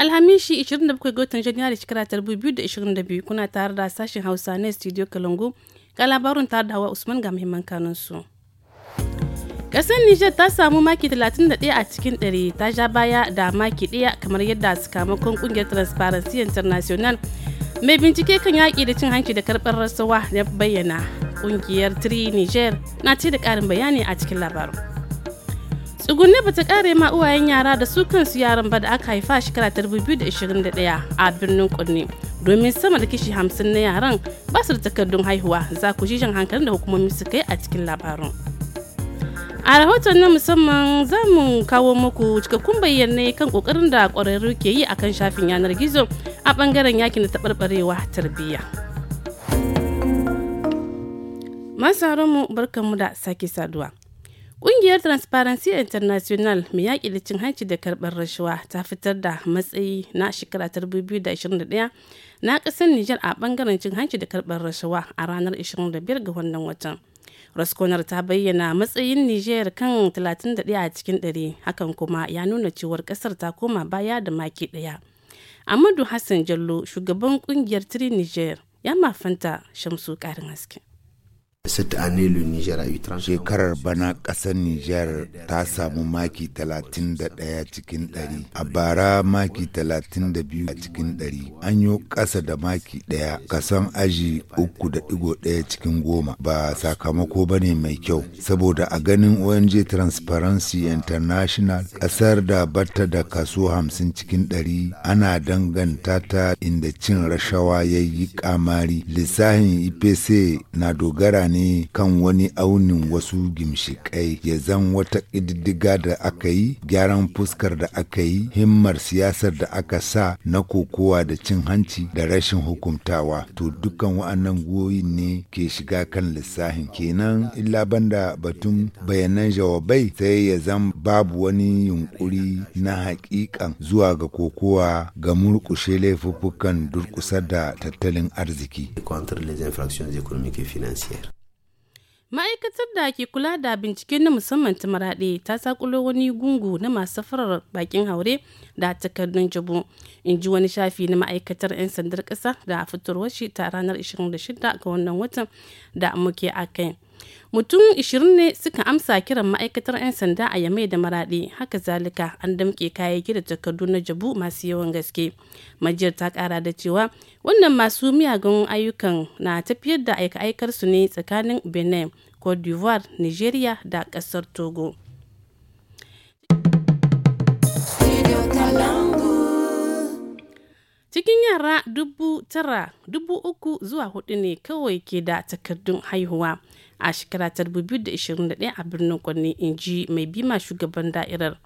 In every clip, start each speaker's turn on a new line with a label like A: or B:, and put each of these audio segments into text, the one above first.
A: Alhamishi 27 ga watan Janairu shekara 2022 kuna tare da sashen Hausa na Studio Kalungu ga labarin tare da Hawa Usman ga muhimman kanunsu. Ƙasar Niger ta samu maki 31 a cikin 100 ta ja baya da maki ɗaya kamar yadda sakamakon ƙungiyar Transparency International mai bincike kan yaƙi da cin hanci da karɓar rasuwa ya bayyana ƙungiyar tri niger na ce da ƙarin bayani a cikin labarin ba ta kare ma uwayen yara da su kansu yaran ba da aka haifa shekara ta 2021 a birnin kunne domin sama da kishi hamsin na yaran ba su da takardun haihuwa za ku ji jan hankalin da hukumomi su kai a cikin labarin a rahoton na musamman za mu kawo muku cikakkun bayyanai kan kokarin da ƙwararru ke yi akan shafin yanar gizo a bangaren yakin da taɓarɓarewa tarbiyya. mu barkanmu da sake saduwa. Ƙungiyar Transparency International mai yaƙi da cin hanci da karɓar rashawa ta fitar da matsayi na shekara 2021 na ƙasar Nijar a ɓangaren cin hanci da karɓar rashawa a ranar 25 ga wannan watan. Raskonar ta bayyana matsayin Nijar kan 31 a cikin 100 hakan kuma ya nuna cewar ƙasar ta koma baya da maki ɗaya. Amadu Hassan Jallo shugaban kungiyar Tri Niger ya mafanta Shamsu karin haske.
B: Cette année, le Niger a eu Shekarar bana ƙasar Niger ta samu maki 31 cikin 100, a bara maki 32 a cikin 100. An yi ƙasa da maki ɗaya, kasan aji 3.1 cikin goma ba sakamako ba ne mai kyau. Saboda a ganin ONG Transparency International, ƙasar da bata da kaso 50 cikin 100 ana danganta ta inda cin rashawa ya yi ƙamari, Lissahin IPC na dogara tunani kan wani aunin wasu gimshikai ya zan wata ƙididdiga da aka yi gyaran fuskar da aka yi himmar siyasar da aka sa na kokowa da cin hanci da rashin hukumtawa to dukkan wa'annan goyin ne ke shiga kan lissahin kenan illa banda batun bayanan jawabai sai ya zan babu wani yunkuri na hakikan zuwa ga kokowa ga murkushe laifuffukan durƙusar da tattalin arziki. contre les infractions économiques et financières.
A: ma'aikatar da ke kula da bincike na musamman ta maraɗe ta sakulo wani gungu na masu farar bakin haure da takardun jibo in ji wani shafi na ma'aikatar 'yan sandar ƙasa da fitarwar shi ta ranar 26 ga wannan watan da muke a kai mutum 20 ne suka amsa kiran ma'aikatar 'yan sanda a yamai da maraɗi haka zalika an damƙe kayayyaki da takardu na jabu masu yawan gaske majiyar ta ƙara da cewa wannan masu miyagun ayyukan na tafiyar da aika aikarsu su ne tsakanin benin cote d'ivoire nigeria da ƙasar togo cikin yara dubu tara dubu uku zuwa hudu ne kawai ke da takardun haihuwa a shekara ta 2021 a birnin kwanne in ji mai bima shugaban da'irar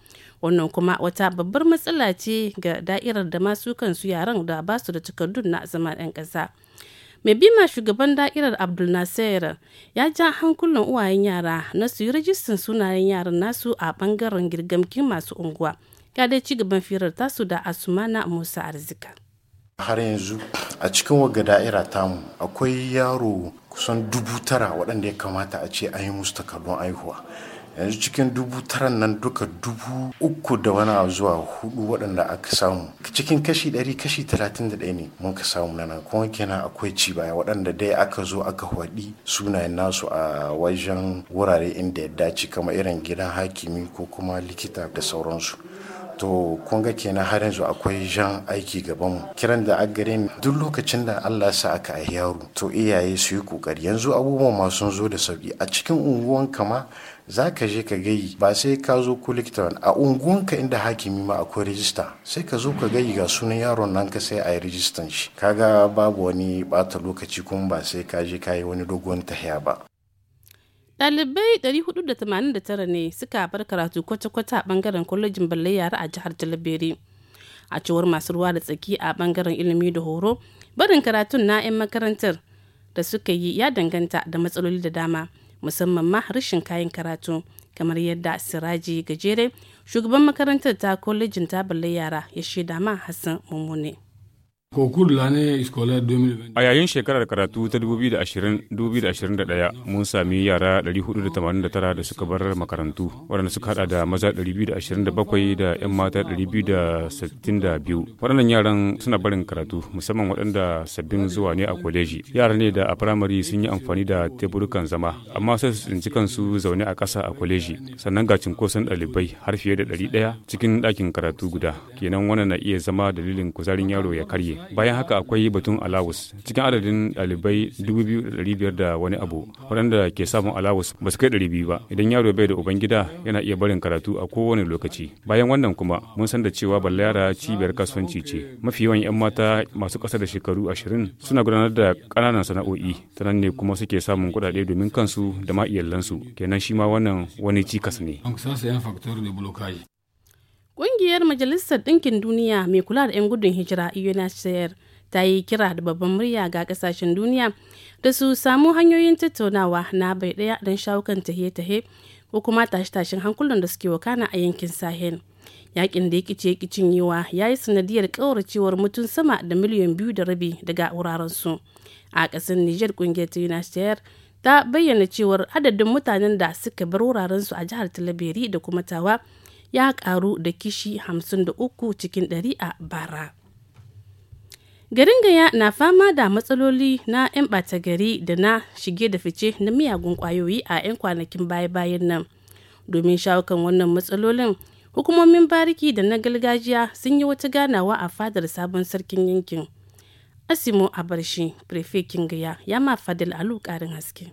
A: wannan kuma wata babbar matsala ce ga da'irar da masu kansu yaran da ba su da takardun na zama 'yan ƙasa mai bima shugaban da'irar abdul nasir ya ja hankulan uwayen yara na su yi rajistan sunayen yaran nasu a bangaren girgamkin masu unguwa ya dai ci gaban firar tasu da asumana musa arzika
C: har yanzu a cikin wagga da'ira tamu akwai yaro kusan dubu tara waɗanda ya kamata a ce an yi musu takardun aihuwa yanzu cikin dubu taran nan duka dubu uku da wani abu zuwa hudu waɗanda aka samu cikin kashi ɗari kashi talatin da ɗaya ne mun ka samu nan kuma kenan akwai ci baya waɗanda dai aka zo aka haɗi sunayen nasu a wajen wurare inda ya dace kama irin gidan hakimi ko kuma likita da sauransu to kun ga kenan har yanzu akwai jan aiki gabanmu kiran da a gare ni duk lokacin da Allah sa aka a yaro to iyaye su yi kokari yanzu abubuwan ma sun zo da sauki a cikin unguwan kama za ka je ka gayi ba sai ka zo ko a a unguwanka inda hakimi ma akwai rijista sai ka zo ka gayi ga sunan yaron nan ka sai a yi rijistan shi kaga babu wani bata lokaci kuma ba sai ka je ka yi wani dogon
B: tahiya ba
A: Dalibai 489 ne suka bar karatu kwata-kwata a bangaren kwalejin balle yara a jihar Jalabere. A cewar masu ruwa da tsaki a bangaren ilimi da horo, barin karatun na 'yan makarantar da suka yi ya danganta da matsaloli da dama, musamman ma rashin kayan karatu, kamar yadda Siraji Gajere, shugaban makarantar ta kwalejin ta balle yara ya shaida ma Hassan Mummune.
C: A yayin shekarar karatu ta 2020-2021 mun sami yara 489 da suka bar makarantu waɗanda suka hada da maza 227 da 'yan mata 262. Waɗannan yaran suna barin karatu musamman waɗanda sabbin zuwa ne a kwaleji. Yara ne da a firamare sun yi amfani da teburukan zama amma sai su tsinci kansu zaune a ƙasa a kwaleji sannan ga cinkoson ɗalibai har fiye da 100 cikin ɗakin karatu guda kenan wannan na iya zama dalilin kuzarin yaro ya karye. bayan haka akwai batun alawus cikin adadin ɗalibai 2,500 da wani abu waɗanda ke samun alawus ba su kai biyu ba idan yaro bai da ubangida yana iya barin karatu a kowane lokaci bayan wannan kuma mun san da cewa balayara cibiyar kasuwanci ce mafi yawan 'yan mata masu ƙasa da shekaru ashirin suna gudanar da ƙananan sana'o'i ta nan ne kuma suke samun kuɗaɗe domin kansu da ma iyalansu kenan shi ma wannan wani cikas ne
A: Ƙungiyar Majalisar Ɗinkin Duniya mai kula da 'yan gudun hijira UNHCR ta yi kira da babban murya ga ƙasashen duniya da su samu hanyoyin tattaunawa na bai ɗaya don shawo kan tahe-tahe ko kuma tashe-tashen hankulan da suke wakana a yankin Sahel. Yaƙin da ya kice kicin yiwa ya yi sanadiyar ƙauracewar mutum sama da miliyan biyu da rabi daga wurarensu. A ƙasar Nijar ƙungiyar ta UNHCR ta bayyana cewar adadin mutanen da suka bar wurarensu a jihar Talabiri da kuma Tawa ya karu da kishi 53 cikin 100 a bara. Garin Gaya na fama da matsaloli na 'yan ɓata gari da na shige da fice na miyagun ƙwayoyi a 'yan kwanakin baya-bayan nan. Domin shawo kan wannan matsalolin, hukumomin bariki da na gargajiya sun yi wata ganawa a fadar sabon sarkin yankin. Asimo a Abarshi, prefekin Gaya, ya ma Fadil Alu ƙarin haske.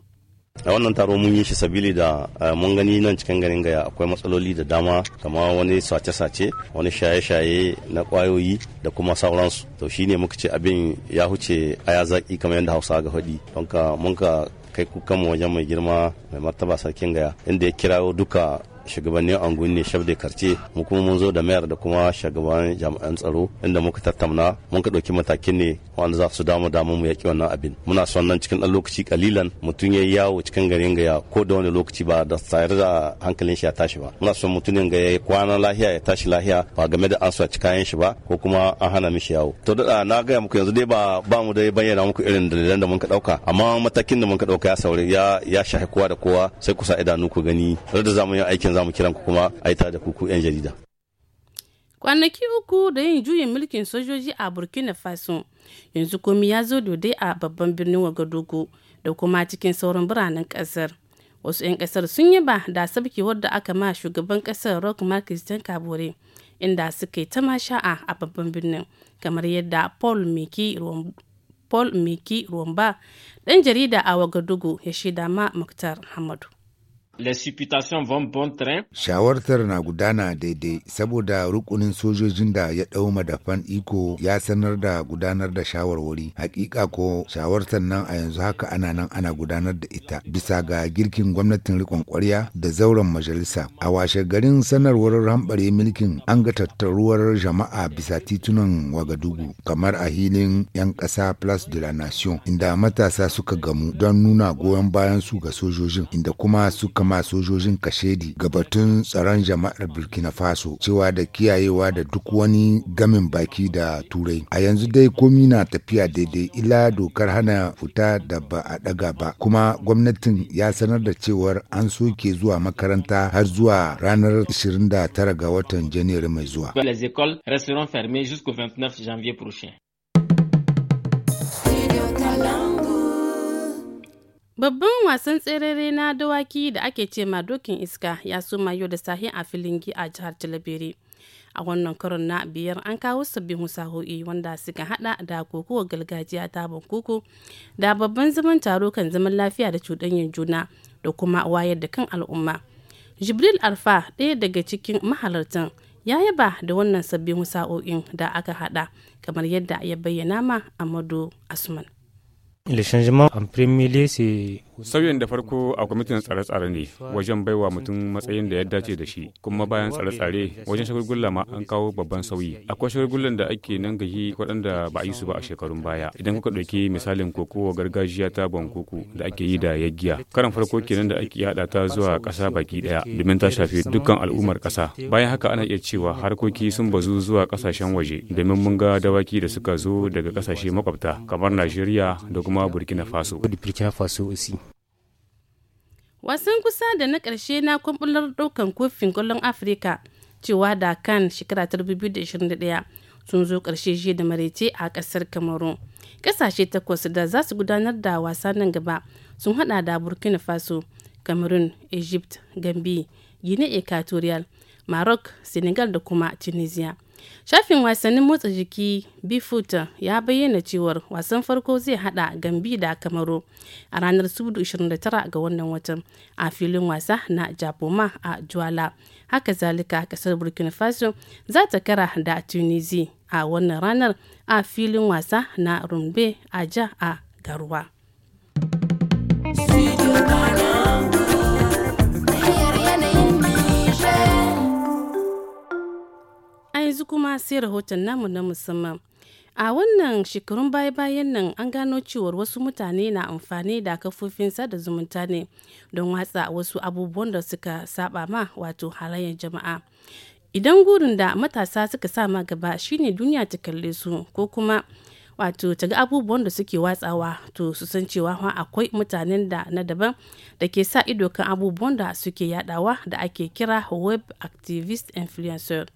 B: a wannan taro mun yi shi sabili da eh, mun gani nan cikin garin gaya akwai matsaloli da dama kamar wani sace-sace wani shaye-shaye na kwayoyi da kuma sauransu to ne muka ce abin ya huce aya zaki kamar yadda hausa ga faɗi don ka kai kukan wajen mai girma mai martaba sarkin gaya inda ya kirawo duka shugabannin angun ne shaf karce mu kuma mun zo da mayar da kuma shugaban jami'an tsaro inda muka tattauna mun ka ɗauki matakin ne wanda za su damu damu mu yaƙi wannan abin muna son nan cikin ɗan lokaci kalilan mutum ya yawo cikin garin gaya ko da wani lokaci ba da tsayar da hankalin shi ya tashi ba muna son mutum ga ya kwana lahiya ya tashi lahiya ba game da an saci kayan shi ba ko kuma an hana mishi yawo to da na gaya muku yanzu dai ba ba mu dai bayyana muku irin dalilan da mun ka ɗauka amma matakin da mun ka ɗauka ya saurari ya ya shahi kowa da kowa sai kusa idanu ku gani da za mu yi aikin lokacin zamu kiran ku kuma a yi da kuku 'yan jarida.
A: Kwanaki uku da yin juyin mulkin sojoji a Burkina Faso yanzu komi ya zo dodai a babban birnin Wagadugu da kuma cikin sauran biranen kasar. Wasu 'yan kasar sun yi ba da sabki wadda aka ma shugaban kasar Rock market Jan Kabore inda suka yi ta sha'a a babban birnin kamar yadda Paul Miki Paul Miki Ruwamba, ɗan jarida a Wagadugu ya shaida ma Muktar Hamadu.
B: Shawartar na gudana daidai saboda rukunin sojojin da ya ɗau madafan iko ya sanar da gudanar da shawarwari. Hakika ko shawartar nan a yanzu haka ana nan ana gudanar da ita bisa ga girkin gwamnatin rikon kwarya da zauren majalisa. A washe garin sanarwar rambare mulkin an ga tattaruwar jama'a bisa titunan Wagadugu kamar a hilin 'yan ƙasa Place de la Nation inda matasa suka gamu don nuna goyon bayan su ga sojojin inda kuma suka kama sojojin kashedi gabatun tsaron jama'ar burkina faso cewa da kiyayewa da duk wani gamin baki da turai a yanzu dai komi na tafiya daidai ila dokar hana fita da ba a daga ba kuma gwamnatin ya sanar da cewar an soke zuwa makaranta har zuwa ranar 29 ga watan janairu mai zuwa
C: resteront fermées jusqu'au 29 janvier prochain.
A: Babban wasan tserere na dawaki da ake ce ma dokin iska ya soma yau da sahi a filin gi a jihar Talabere. A wannan karon na biyar an kawo sabbin husaho'i wanda suka hada da kokowar gargajiya ta bankuku da babban zaman taro kan zaman lafiya da cuɗanyar juna da kuma wayar da kan al'umma. Jibril Alfa ɗaya daga cikin mahalartan ya yaba da wannan sabbin husaho'in da aka hada kamar yadda ya bayyana ma Amadu Asman.
C: Les changements, en premier lieu, c'est Sauyin da farko a kwamitin tsare-tsare ne wajen baiwa mutum matsayin da ya dace da shi kuma bayan tsare-tsare wajen shagulgula ma an kawo babban sauyi. Akwai shagulgulan da ake nan gahi waɗanda ba a yi su ba a shekarun baya. Idan kuka ɗauki misalin kokowa gargajiya ta bankuku da ake yi da yaggiya. Karan farko kenan da ake yaɗa ta zuwa ƙasa baki ɗaya domin ta shafi dukkan al'ummar ƙasa. Bayan haka ana iya cewa harkoki sun bazu zuwa ƙasashen waje domin mun ga dawaki da suka zo daga ƙasashe makwabta kamar Najeriya da kuma Burkina Faso.
A: wasan kusa da na ƙarshe na kwambular ɗaukan kofin kwallon afirka cewa da kan shekara 2021 sun zo ƙarshe shi da maraice a ƙasar kamaru ƙasashe takwas da za su gudanar da wasa nan gaba sun hada da burkina faso cameroon egypt gambi guinea equatorial maroc senegal da kuma tunisia Shafin wasannin motsa jiki bifuta ya bayyana cewar wasan farko zai hada Gambi da Kamaru a ranar 29 ga wannan watan a filin wasa na Japoma a Juala. Haka zalika kasar Burkina Faso za ta kara da tunisi a wannan ranar a filin wasa na Rumbe a Ja a Garwa. kuma sai rahoton namu na musamman. A wannan shekarun baya-bayan nan an gano cewar wasu mutane na amfani da kafofin sada zumunta ne don watsa wasu abubuwan da suka saba ma wato halayen jama'a. Idan gurin da matasa suka sama gaba shine duniya ta kalle su ko kuma wato ta ga abubuwan da suke watsawa to su san cewa akwai mutanen da na daban da ke sa ido kan abubuwan da suke yadawa da ake kira web activist influencer.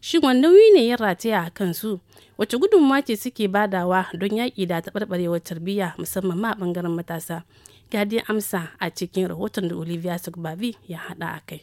A: Shin wanne nauyi ne ya rataya a kansu? Wace gudunmawa ce suke badawa don yaƙi da taɓarɓarewar tarbiyya musamman ma a ɓangaren matasa? Ga amsa a cikin rahoton da Olivia Sugbavi ya haɗa a kai.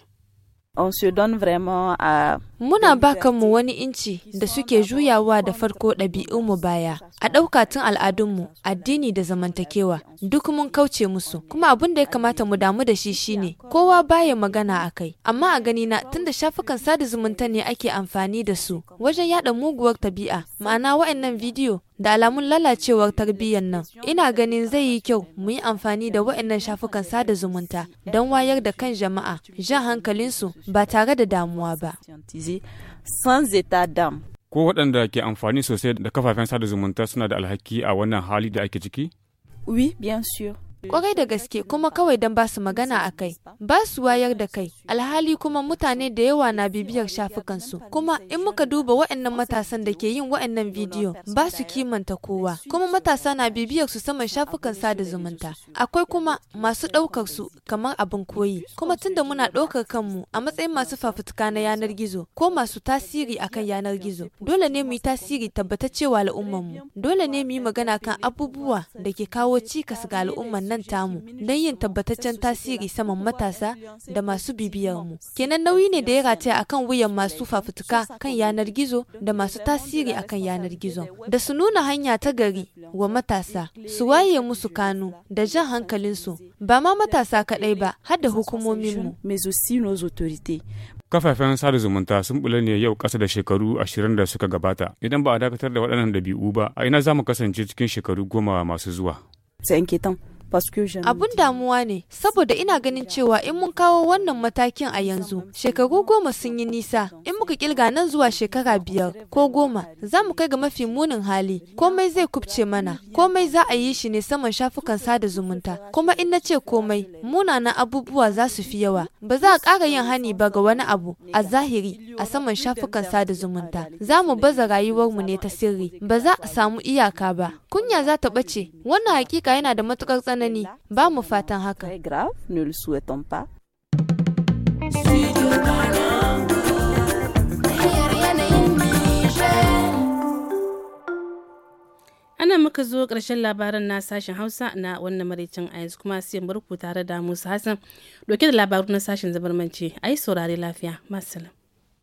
D: Muna ba kanmu wani inci da suke juyawa da farko ɗabi'unmu baya, a ɗauka tun al'adunmu, addini da zamantakewa, duk mun kauce musu, kuma abin da ya kamata mu damu da shi shine kowa baya magana a kai, amma a ganina tun da shafukan sada zumunta ne ake amfani da su wajen yada muguwar tabi'a, ma'ana wa'annan bidiyo da alamun lalacewar tarbiyyar nan ina ganin zai yi kyau mu yi amfani da waɗannan shafukan sada zumunta don wayar da kan jama'a jan hankalinsu ba tare da damuwa ba
C: ko waɗanda ke amfani sosai da kafafen sada zumunta suna da alhaki a wannan hali da ake ciki?
D: Oui, bien sûr. Kwarai da gaske kuma kawai don ba su magana a kai, ba su wayar da kai, alhali kuma mutane da yawa na bibiyar shafukansu. Kuma in muka duba waɗannan matasan da ke yin waɗannan bidiyo ba su kimanta kowa, kuma matasa na bibiyar su saman shafukan sada zumunta. Akwai kuma masu ɗaukar su kamar abin koyi, kuma tunda muna ɗaukar kanmu a matsayin masu fafutuka na yanar gizo ko masu tasiri akan yanar gizo, dole ne mu yi tasiri tabbatacewa al'ummarmu. Dole ne mu yi magana kan abubuwa da ke kawo cikas ga al'ummar nan tamu don yin tabbataccen tasiri saman matasa da masu bibiyar mu Kenan nauyi ne da ya rataya a kan wuyan masu fafutuka kan yanar gizo da masu tasiri a kan yanar gizo. Da su nuna hanya ta gari wa matasa, su waye musu kanu da jan hankalinsu, ba ma matasa kaɗai ba, har da hukumominmu.
C: Kafafen sada zumunta sun bula ne yau kasa da shekaru ashirin da suka gabata. Idan ba a dakatar da waɗannan dabi'u ba, a ina za mu kasance cikin shekaru goma masu zuwa.
D: Abun damuwa ne, saboda ina ganin cewa in mun kawo wannan matakin a yanzu, shekaru goma sun yi nisa, in muka kilga nan zuwa shekara biyar ko goma, za mu kai ga mafi munin hali, komai zai kubce mana, komai za a yi shi ne saman shafukan sada zumunta, kuma in na ce komai, munanan abubuwa za su fi yawa, ba za a kara yin hani ba ga wani abu a zahiri a saman shafukan sada zumunta, za mu baza rayuwarmu ne ta sirri, ba za a samu iyaka ba. kunya za ta ɓace wannan hakika yana da matukar tsanani ba mu fatan haka
A: ana muka zo ƙarshen labaran na sashen hausa na wannan maraicin a kuma siyan barku tare da musa hassan doke da labaru na sashen zabarmanci a saurari lafiya masu